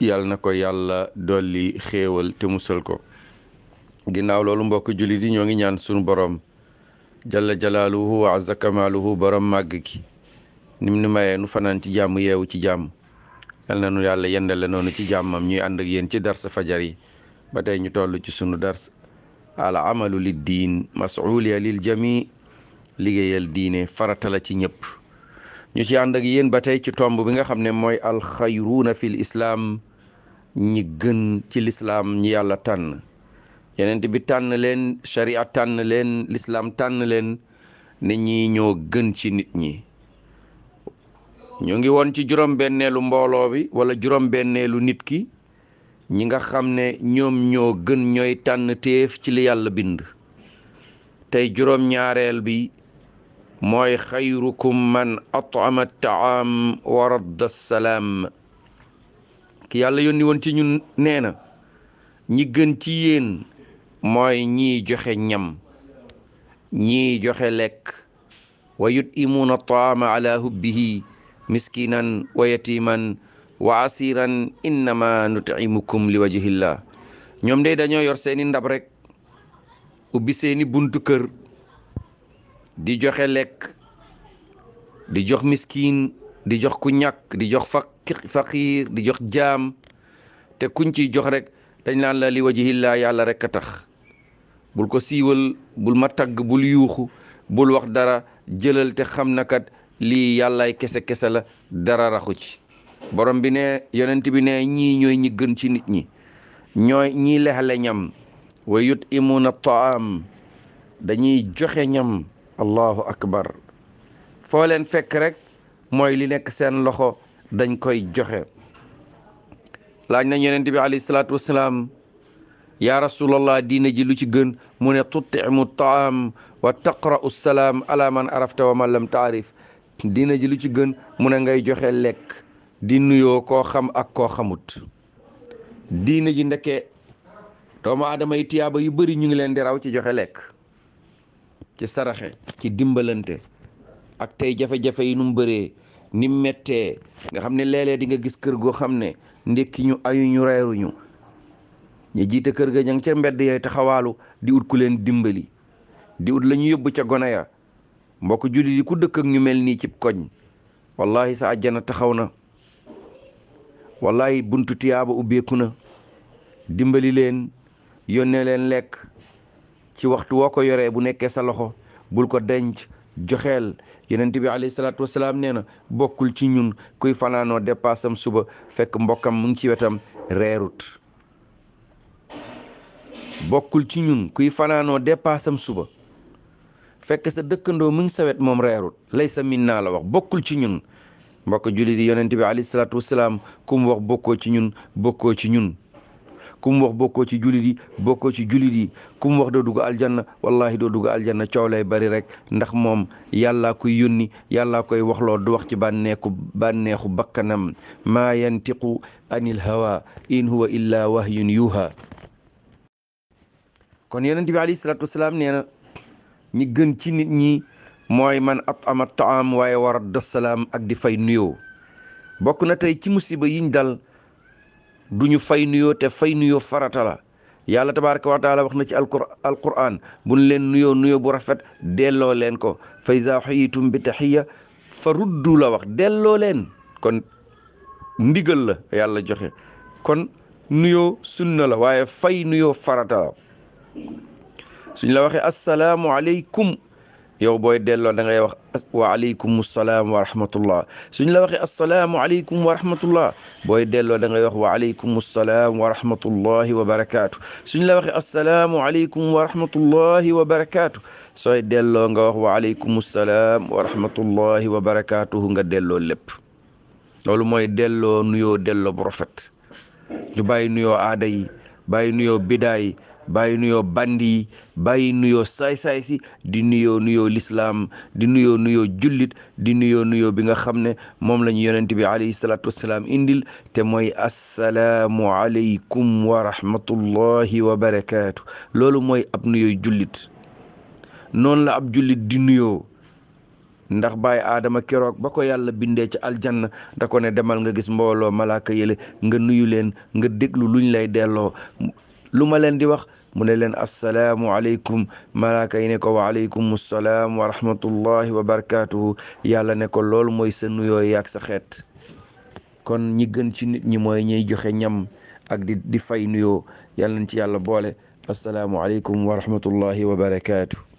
yàlla na ko yàlla dolli xéewal te musal ko ginnaaw loolu mbokk jullit yi ñoo ngi ñaan sunu borom jalla jalaaluhu wa azza kamaaluhu borom màgg gi nim ni mayee nu fanaan ci jàmm yeewu ci jàmm yal na nu yàlla yendale noonu ci jàmmam ñuy ànd ak yéen ci dars fajar yi ba tey ñu toll ci sunu dars al amalu lid diin lil jami liggéeyal diine farata ci ñëpp ñu ci ànd ak yéen ba tey ci tomb bi nga xam ne mooy alxayruuna fil islaam ñi gën ci lislaam ñi yàlla tànn yenent bi tànn leen sharia tànn leen lislaam tànn leen nit ñi ñoo gën ci nit ñi ñu ngi woon ci juróom benneelu mbooloo bi wala juróom benneelu nit ki ñi nga xam ne ñoom ñoo gën ñooy tànn téef ci li yàlla bind tey juróom ñaareel bi mooy xayrukum man at'ama taam wa radda salaam ki yàlla yónni woon ci ñun nee na ñi gën ci yéen mooy ñii joxe ñam ñii joxe lekk wa yut'imuuna taama ala hubbihi miskinan wa yatiman wa asiran innama nut'imukum li ñoom de dañoo yor seeni ndab rekk ubbi seeni buntu kër di joxe lekk di jox miskin di jox ku ñàkk di jox faqiir di jox jaam te kuñ ciy jox rek dañ naan la li wajihillaa yàlla rekk a tax bul ko siiwal bul ma tagg bul yuuxu bul wax dara jëlal te xam na kat lii yàllaay kese kese la dara raxu ci borom bi ne yonent bi ne ñii ñooy ñi gën ci nit ñi ñooy ñii lexale ñam wa yut imuuna taam dañuy joxe ñam allahu akbar foo leen fekk rek mooy li nekk seen loxo dañ koy joxe laaj na yonent bi alayhi salaatu wasalaam yaa rasulallah diina ji lu ci gën mu ne tutimu taam wa taqra'u salaam ala arafta wa man taarif diina ji lu ci gën mu ne ngay joxe lekk di nuyoo koo xam ak koo xamut diina ji ndeke doomu aadama yi tiyaaba yu bari ñu ngi leen di raw ci joxe lekk ci saraxe ci dimbalante ak tey jafe-jafe yi nu mu bëree ni mu mettee nga xam ne léeg-léeg di nga gis kër goo xam ne ndékki ñu ayuñu reeruñu ñu jiite kër ga ña ngi ca mbedd yooyu taxawaalu di ut ku leen dimbali di ut la yóbbu ca gone ya mbokk julli yi ku dëkk ak ñu mel nii cib koñ wallahi sa àjjana taxaw na wallahi buntu tiyaaba ubbeeku na dimbali leen yónnee leen lekk ci waxtu woo ko yoree bu nekkee sa loxo bul ko denc joxeel yonent bi alayhi salaatu wasalaam nee na bokkul ci ñun kuy fanaanoo deppaasam suba fekk mbokkam mu ngi ci wetam reerut bokkul ci ñun kuy fanaanoo dépassam suba fekk sa dëkkandoo mu ngi sa wet moom reerut lay sa min naa la wax bokkul ci ñun mbokk jullit yi yonent bi alayhi salaatu wasalaam wax bokkoo ci ñun bokkoo ci ñun ku mu wax bokkoo ci jullit bokkoo ci jullit yi ku mu wax doo dugg aljanna wallahi doo dugg aljanna coow lay bari rek ndax moom yàllaa koy yónni yàllaa koy waxloo du wax ci bànneeku bànneexu bakkanam maa yantiqu anil hawa in huwa illa wahyun yuha kon yonent bi alayhi salaatu wasalaam ñi gën ci nit ñi mooy man at ama taam waaye wara a salaam ak di fay nuyoo bokk na tey ci musiba yiñ dal du ñu fay nuyoo te fay nuyoo farata la yàlla tabaaraka wa taala wax na ci alqur alquran bu ñu leen nuyoo nuyoo bu rafet delloo leen ko fa izaa xuyitum bi taxiya fa ruddu la wax delloo leen kon ndigal la yàlla joxe kon nuyoo sunna la waaye fay nuyoo farata la suñ la waxee asalaamu aleykum yow booy delloo da ngay wax waaleykum salaam wa rahmatullah suñ la waxee asalaamualeykum wa rahmatullah booy delloo da ngay wax waaleykum salaam wa rahmatullahi wa barakaatu suñ la waxee asalaamualeykum wa rahmatullahi wa barakaatu sooy delloo nga wax waaleykum salaam wa rahmatullahi wa barakaatuhu nga delloo lépp loolu mooy delloo nuyoo delloo bu rafet ñu bàyyi nuyoo aada yi bàyyi nuyoo bidaa yi bàyyi nuyoo bandi bàyyi nuyoo saay-saay si di nuyoo nuyoo lislaam di nuyoo nuyoo jullit di nuyoo nuyoo bi nga xam ne moom lañu ñu yonent bi alayhi salaatu salaam indil te mooy assalaamu aleykum wa rahmatullahi wa barakaatu loolu mooy ab nuyoo jullit noonu la ab jullit di nuyoo ndax bàyyi aadama keroog ba ko yàlla bindee ci aljanna da ko ne demal nga gis mbooloo malaaka yële nga nuyu leen nga déglu lu luñ lay delloo lu ma leen di wax mu ne leen asalaamualeykum malaaka yi ne ko waaleykum salaam wa rahmatullahi wa barakaatuhu yàlla ne ko loolu mooy sa nuyoo yaag sa xeet kon ñi gën ci nit ñi mooy ñuy joxe ñam ak di di fay nuyoo yàlla nañ ci yàlla boole asalaamualeykum wa rahmatullahi wa barakaatu.